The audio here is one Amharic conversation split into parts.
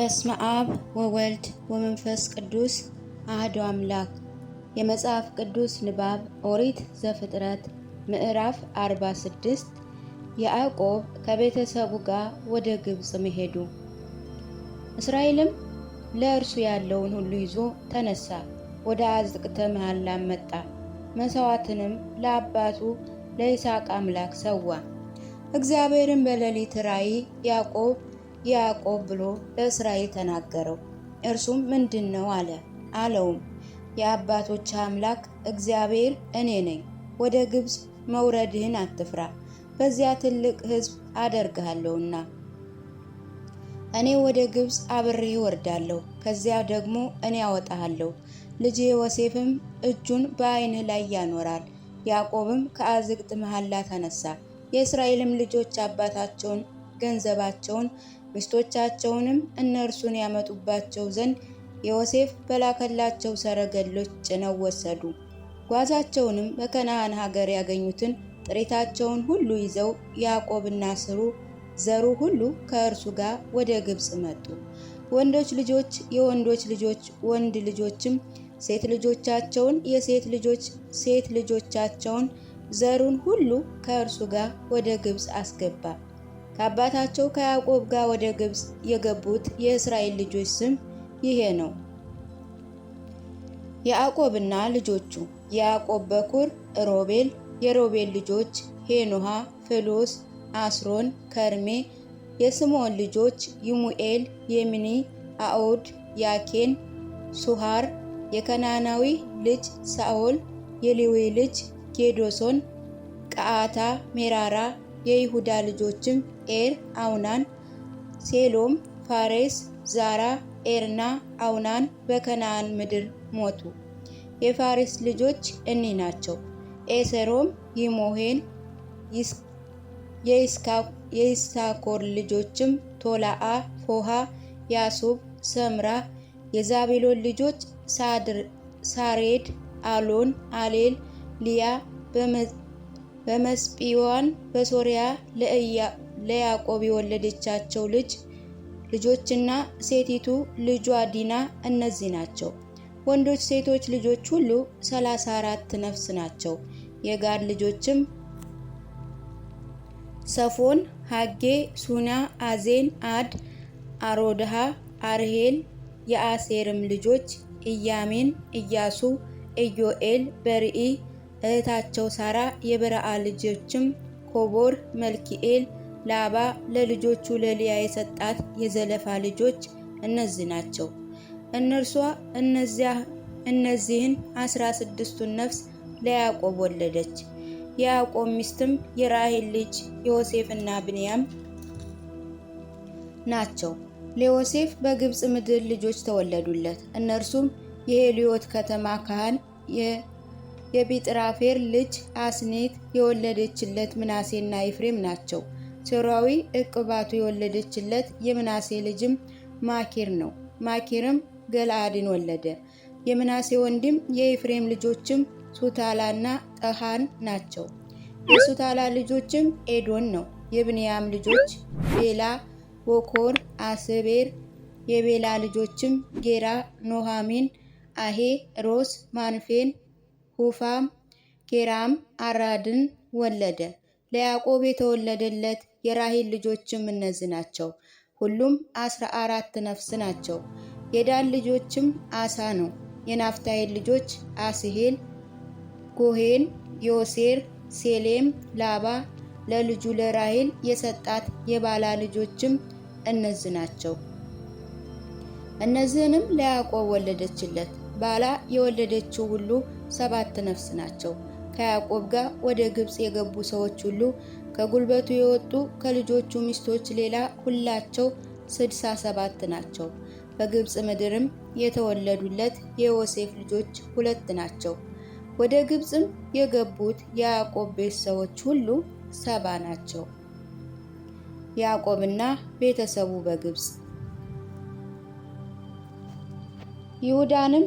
በስመ አብ ወወልድ ወመንፈስ ቅዱስ አህዶ አምላክ። የመጽሐፍ ቅዱስ ንባብ ኦሪት ዘፍጥረት ምዕራፍ 46 ያዕቆብ ከቤተሰቡ ጋር ወደ ግብፅ መሄዱ። እስራኤልም ለእርሱ ያለውን ሁሉ ይዞ ተነሳ፣ ወደ አዝቅተ መሐላም መጣ። መሥዋዕትንም ለአባቱ ለይስሐቅ አምላክ ሰዋ። እግዚአብሔርን በሌሊት ራእይ ያዕቆብ ያዕቆብ ብሎ ለእስራኤል ተናገረው። እርሱም ምንድን ነው አለ። አለውም የአባቶች አምላክ እግዚአብሔር እኔ ነኝ። ወደ ግብፅ መውረድህን አትፍራ፣ በዚያ ትልቅ ሕዝብ አደርግሃለሁና እኔ ወደ ግብፅ አብሬ እወርዳለሁ። ከዚያ ደግሞ እኔ አወጣሃለሁ። ልጅ ዮሴፍም እጁን በዓይንህ ላይ ያኖራል። ያዕቆብም ከአዝግጥ መሐላ ተነሳ። የእስራኤልም ልጆች አባታቸውን ገንዘባቸውን ሚስቶቻቸውንም እነርሱን ያመጡባቸው ዘንድ ዮሴፍ በላከላቸው ሰረገሎች ጭነው ወሰዱ። ጓዛቸውንም በከነዓን ሀገር ያገኙትን ጥሪታቸውን ሁሉ ይዘው ያዕቆብና ስሩ ዘሩ ሁሉ ከእርሱ ጋር ወደ ግብፅ መጡ። ወንዶች ልጆች የወንዶች ልጆች ወንድ ልጆችም ሴት ልጆቻቸውን የሴት ልጆች ሴት ልጆቻቸውን ዘሩን ሁሉ ከእርሱ ጋር ወደ ግብፅ አስገባ። ከአባታቸው ከያዕቆብ ጋር ወደ ግብፅ የገቡት የእስራኤል ልጆች ስም ይሄ ነው። ያዕቆብና ልጆቹ የያዕቆብ በኩር ሮቤል፣ የሮቤል ልጆች ሄኖሃ፣ ፈሎስ፣ አስሮን፣ ከርሜ። የስምዖን ልጆች ይሙኤል፣ የሚኒ አኦድ፣ ያኬን፣ ሱሃር። የከናናዊ ልጅ ሳኦል፣ የሌዊ ልጅ ጌዶሶን፣ ቀአታ፣ ሜራራ። የይሁዳ ልጆችም ኤር አውናን፣ ሴሎም፣ ፋሬስ፣ ዛራ፣ ኤርና አውናን በከነአን ምድር ሞቱ። የፋሬስ ልጆች እኒ ናቸው። ኤሰሮም ይሞሄን፣ የይስካኮር ልጆችም ቶላአ፣ ፎሃ፣ ያሱብ፣ ሰምራ። የዛቤሎን ልጆች ሳሬድ፣ አሎን፣ አሌል፣ ሊያ በመስጲዋን በሶሪያ ለእያ ለያዕቆብ የወለደቻቸው ልጅ ልጆችና ሴቲቱ ልጇ ዲና እነዚህ ናቸው። ወንዶች ሴቶች ልጆች ሁሉ ሰላሳ አራት ነፍስ ናቸው። የጋድ ልጆችም ሰፎን፣ ሀጌ፣ ሱና፣ አዜን፣ አድ፣ አሮድሃ፣ አርሄል የአሴርም ልጆች ኢያሚን፣ ኢያሱ፣ ኢዮኤል፣ በርኢ እህታቸው ሳራ የበረአ ልጆችም ኮቦር፣ መልኪኤል ላባ ለልጆቹ ለሊያ የሰጣት የዘለፋ ልጆች እነዚህ ናቸው። እነርሷ እነዚያ እነዚህን አስራ ስድስቱን ነፍስ ለያዕቆብ ወለደች። የያዕቆብ ሚስትም የራሄል ልጅ ዮሴፍና ብንያም ናቸው። ለዮሴፍ በግብፅ ምድር ልጆች ተወለዱለት። እነርሱም የሄልዮት ከተማ ካህን የቢጥራፌር ልጅ አስኔት የወለደችለት ምናሴና ኤፍሬም ናቸው። ሶርያዊ እቅባቱ የወለደችለት የምናሴ ልጅም ማኪር ነው። ማኪርም ገልአድን ወለደ። የምናሴ ወንድም የኤፍሬም ልጆችም ሱታላና ጠሃን ናቸው። የሱታላ ልጆችም ኤዶን ነው። የብንያም ልጆች ቤላ፣ ወኮር፣ አስቤር። የቤላ ልጆችም ጌራ፣ ኖሃሚን፣ አሄ፣ ሮስ፣ ማንፌን፣ ሁፋም፣ ኬራም፣ አራድን ወለደ። ለያዕቆብ የተወለደለት የራሄል ልጆችም እነዚህ ናቸው። ሁሉም አስራ አራት ነፍስ ናቸው። የዳን ልጆችም አሳ ነው። የናፍታሄል ልጆች አስሄል፣ ጎሄን፣ ዮሴር፣ ሴሌም፣ ላባ ለልጁ ለራሄል የሰጣት የባላ ልጆችም እነዚህ ናቸው። እነዚህንም ለያዕቆብ ወለደችለት። ባላ የወለደችው ሁሉ ሰባት ነፍስ ናቸው። ከያዕቆብ ጋር ወደ ግብፅ የገቡ ሰዎች ሁሉ ከጉልበቱ የወጡ ከልጆቹ ሚስቶች ሌላ ሁላቸው ስድሳ ሰባት ናቸው። በግብፅ ምድርም የተወለዱለት የዮሴፍ ልጆች ሁለት ናቸው። ወደ ግብፅም የገቡት የያዕቆብ ቤት ሰዎች ሁሉ ሰባ ናቸው። ያዕቆብና ቤተሰቡ በግብፅ ይሁዳንም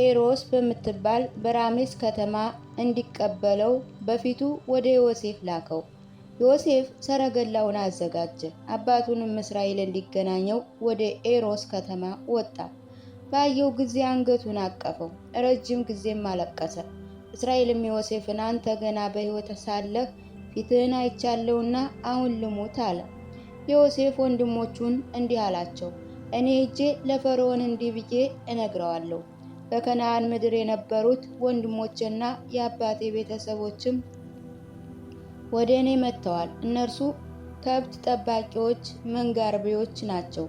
ኤሮስ በምትባል በራሜስ ከተማ እንዲቀበለው በፊቱ ወደ ዮሴፍ ላከው። ዮሴፍ ሰረገላውን አዘጋጀ። አባቱንም እስራኤል እንዲገናኘው ወደ ኤሮስ ከተማ ወጣ። ባየው ጊዜ አንገቱን አቀፈው፣ ረጅም ጊዜም አለቀሰ። እስራኤልም ዮሴፍን አንተ ገና በሕይወት ሳለህ ፊትህን አይቻለውና አሁን ልሙት አለ። ዮሴፍ ወንድሞቹን እንዲህ አላቸው፣ እኔ ሄጄ ለፈርዖን እንዲህ ብዬ እነግረዋለሁ በከነአን ምድር የነበሩት ወንድሞቼና የአባቴ ቤተሰቦችም ወደ እኔ መጥተዋል። እነርሱ ከብት ጠባቂዎች፣ መንጋርቤዎች ናቸው።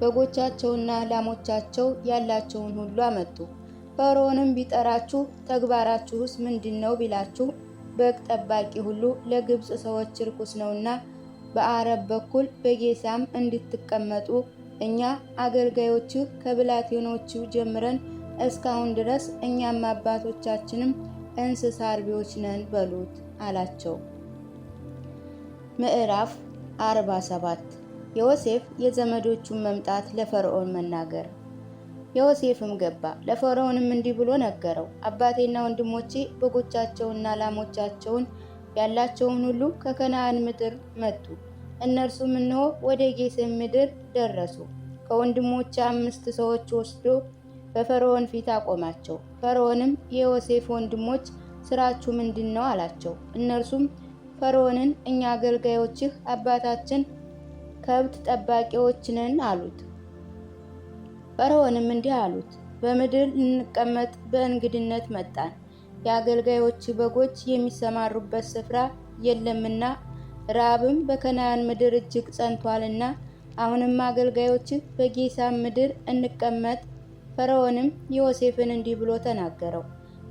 በጎቻቸውና ላሞቻቸው ያላቸውን ሁሉ አመጡ። ፈርዖንም ቢጠራችሁ ተግባራችሁስ ምንድን ነው ቢላችሁ በግ ጠባቂ ሁሉ ለግብፅ ሰዎች ርኩስ ነውና በአረብ በኩል በጌሳም እንድትቀመጡ እኛ አገልጋዮችህ ከብላቴኖቹ ጀምረን እስካሁን ድረስ እኛም አባቶቻችንም እንስሳ አርቢዎች ነን በሉት አላቸው። ምዕራፍ 47 ዮሴፍ የዘመዶቹን መምጣት ለፈርዖን መናገር። ዮሴፍም ገባ፣ ለፈርዖንም እንዲህ ብሎ ነገረው። አባቴና ወንድሞቼ በጎቻቸውና ላሞቻቸውን ያላቸውን ሁሉ ከከነዓን ምድር መጡ። እነርሱም እነሆ ወደ ጌሴም ምድር ደረሱ። ከወንድሞቼ አምስት ሰዎች ወስዶ በፈርዖን ፊት አቆማቸው። ፈርዖንም የዮሴፍ ወንድሞች ስራችሁ ምንድን ነው አላቸው። እነርሱም ፈርዖንን እኛ አገልጋዮችህ አባታችን ከብት ጠባቂዎች ነን አሉት። ፈርዖንም እንዲህ አሉት፣ በምድር ልንቀመጥ በእንግድነት መጣን። የአገልጋዮች በጎች የሚሰማሩበት ስፍራ የለምና ራብም በከናያን ምድር እጅግ ጸንቷልና አሁንም አገልጋዮችህ በጌሳም ምድር እንቀመጥ ፈርዖንም ዮሴፍን እንዲህ ብሎ ተናገረው፣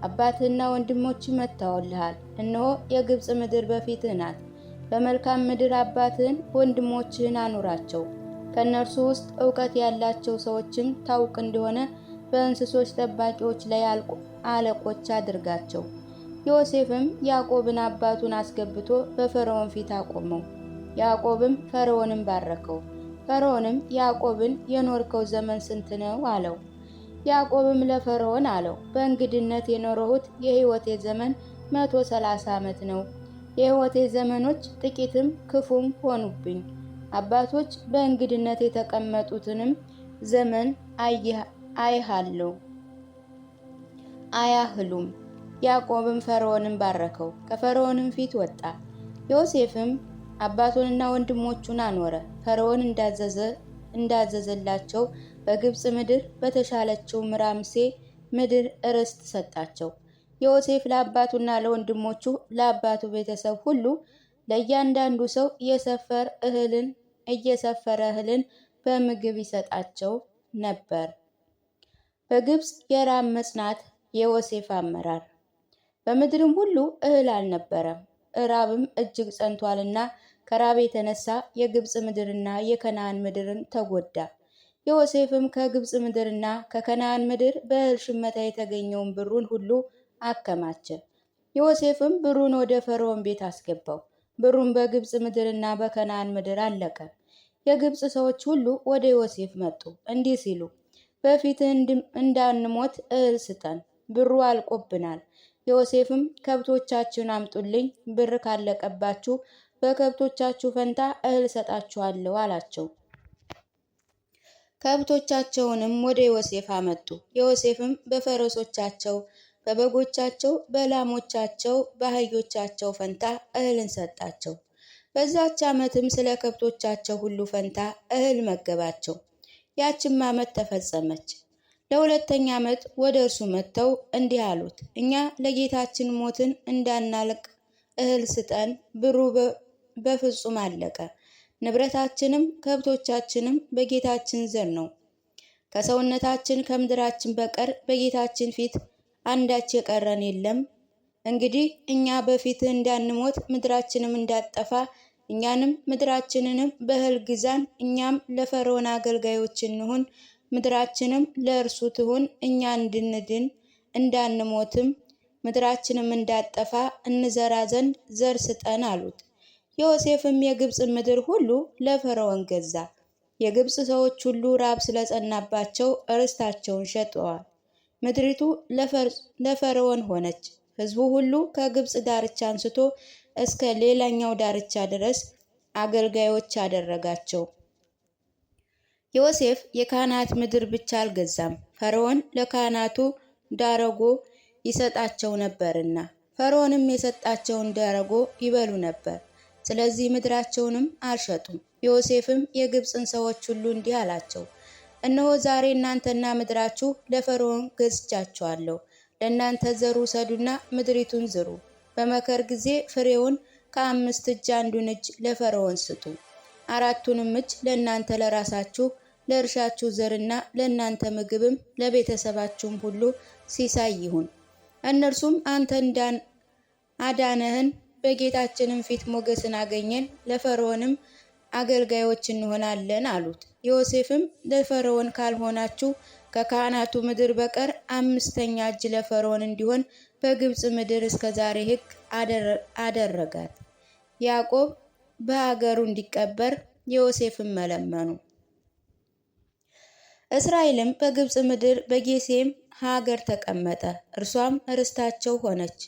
አባትህና ወንድሞች መጥተውልሃል። እነሆ የግብፅ ምድር በፊትህ ናት። በመልካም ምድር አባትህን ወንድሞችህን አኑራቸው። ከእነርሱ ውስጥ እውቀት ያላቸው ሰዎችም ታውቅ እንደሆነ በእንስሶች ጠባቂዎች ላይ አለቆች አድርጋቸው። ዮሴፍም ያዕቆብን አባቱን አስገብቶ በፈርዖን ፊት አቆመው። ያዕቆብም ፈርዖንን ባረከው። ፈርዖንም ያዕቆብን የኖርከው ዘመን ስንት ነው? አለው። ያዕቆብም ለፈርዖን አለው፣ በእንግድነት የኖረሁት የሕይወቴ ዘመን መቶ ሰላሳ ዓመት ነው። የሕይወቴ ዘመኖች ጥቂትም ክፉም ሆኑብኝ። አባቶች በእንግድነት የተቀመጡትንም ዘመን አይሃለው አያህሉም። ያዕቆብም ፈርዖንን ባረከው፣ ከፈርዖንም ፊት ወጣ። ዮሴፍም አባቱንና ወንድሞቹን አኖረ። ፈርዖን እንዳዘዘላቸው በግብፅ ምድር በተሻለችው ምራምሴ ምድር ርስት ሰጣቸው። ዮሴፍ ለአባቱና ለወንድሞቹ ለአባቱ ቤተሰብ ሁሉ ለእያንዳንዱ ሰው የሰፈር እህልን እየሰፈረ እህልን በምግብ ይሰጣቸው ነበር። በግብፅ የራብ መጽናት የዮሴፍ አመራር። በምድርም ሁሉ እህል አልነበረም፣ እራብም እጅግ ጸንቷልና ከራብ የተነሳ የግብፅ ምድርና የከናን ምድርን ተጎዳ። ዮሴፍም ከግብፅ ምድርና ከከነዓን ምድር በእህል ሽመታ የተገኘውን ብሩን ሁሉ አከማቸ። ዮሴፍም ብሩን ወደ ፈርዖን ቤት አስገባው። ብሩን በግብፅ ምድርና በከነዓን ምድር አለቀ። የግብፅ ሰዎች ሁሉ ወደ ዮሴፍ መጡ እንዲህ ሲሉ፣ በፊት እንዳንሞት እህል ስጠን፣ ብሩ አልቆብናል። ዮሴፍም ከብቶቻችሁን አምጡልኝ፣ ብር ካለቀባችሁ በከብቶቻችሁ ፈንታ እህል ሰጣችኋለሁ አላቸው። ከብቶቻቸውንም ወደ ዮሴፍ አመጡ። ዮሴፍም በፈረሶቻቸው፣ በበጎቻቸው፣ በላሞቻቸው፣ በአህዮቻቸው ፈንታ እህልን ሰጣቸው። በዛች ዓመትም ስለ ከብቶቻቸው ሁሉ ፈንታ እህል መገባቸው። ያችም ዓመት ተፈጸመች። ለሁለተኛ ዓመት ወደ እርሱ መጥተው እንዲህ አሉት፣ እኛ ለጌታችን ሞትን እንዳናልቅ እህል ስጠን፣ ብሩ በፍጹም አለቀ። ንብረታችንም ከብቶቻችንም በጌታችን ዘር ነው። ከሰውነታችን ከምድራችን በቀር በጌታችን ፊት አንዳች የቀረን የለም። እንግዲህ እኛ በፊትህ እንዳንሞት ምድራችንም እንዳጠፋ እኛንም ምድራችንንም በእህል ግዛን። እኛም ለፈርዖን አገልጋዮች እንሁን፣ ምድራችንም ለእርሱ ትሁን። እኛ እንድንድን እንዳንሞትም ምድራችንም እንዳጠፋ እንዘራ ዘንድ ዘር ስጠን አሉት። ዮሴፍም የግብፅን ምድር ሁሉ ለፈርዖን ገዛ። የግብፅ ሰዎች ሁሉ ራብ ስለጸናባቸው እርስታቸውን ሸጠዋል። ምድሪቱ ለፈርዖን ሆነች። ሕዝቡ ሁሉ ከግብፅ ዳርቻ አንስቶ እስከ ሌላኛው ዳርቻ ድረስ አገልጋዮች አደረጋቸው። ዮሴፍ የካህናት ምድር ብቻ አልገዛም፣ ፈርዖን ለካህናቱ ዳረጎ ይሰጣቸው ነበርና። ፈርዖንም የሰጣቸውን ዳረጎ ይበሉ ነበር። ስለዚህ ምድራቸውንም አልሸጡም። ዮሴፍም የግብፅን ሰዎች ሁሉ እንዲህ አላቸው፣ እነሆ ዛሬ እናንተና ምድራችሁ ለፈርዖን ገዝቻችኋለሁ። ለእናንተ ዘር ውሰዱና ምድሪቱን ዝሩ። በመከር ጊዜ ፍሬውን ከአምስት እጅ አንዱን እጅ ለፈርዖን ስጡ። አራቱንም እጅ ለእናንተ ለራሳችሁ ለእርሻችሁ ዘርና ለእናንተ ምግብም ለቤተሰባችሁም ሁሉ ሲሳይ ይሁን። እነርሱም አንተ እንዳን አዳነህን በጌታችንም ፊት ሞገስን አገኘን፣ ለፈርዖንም አገልጋዮች እንሆናለን አሉት። ዮሴፍም ለፈርዖን ካልሆናችሁ ከካህናቱ ምድር በቀር አምስተኛ እጅ ለፈርዖን እንዲሆን በግብፅ ምድር እስከ ዛሬ ሕግ አደረጋት። ያዕቆብ በሀገሩ እንዲቀበር ዮሴፍን መለመኑ። እስራኤልም በግብፅ ምድር በጌሴም ሀገር ተቀመጠ፣ እርሷም ርስታቸው ሆነች።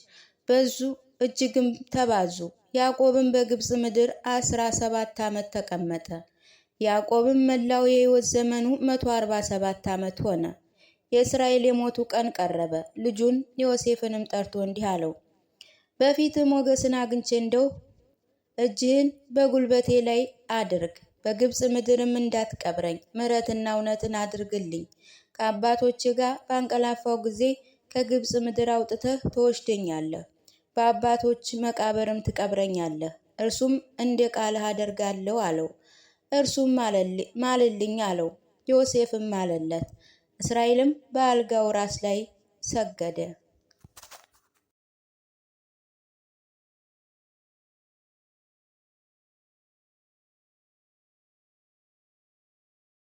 እጅግም ተባዙ። ያዕቆብም በግብፅ ምድር አስራ ሰባት ዓመት ተቀመጠ። ያዕቆብም መላው የሕይወት ዘመኑ መቶ አርባ ሰባት ዓመት ሆነ። የእስራኤል የሞቱ ቀን ቀረበ። ልጁን ዮሴፍንም ጠርቶ እንዲህ አለው፣ በፊት ሞገስን አግኝቼ እንደው እጅህን በጉልበቴ ላይ አድርግ፣ በግብፅ ምድርም እንዳትቀብረኝ ምሕረትና እውነትን አድርግልኝ። ከአባቶች ጋር ባንቀላፋው ጊዜ ከግብፅ ምድር አውጥተህ ትወስደኛለህ። በአባቶች መቃብርም ትቀብረኛለህ፣ እርሱም እንደ ቃልህ አደርጋለሁ አለው። እርሱም ማልልኝ አለው። ዮሴፍም ማለለት። እስራኤልም በአልጋው ራስ ላይ ሰገደ።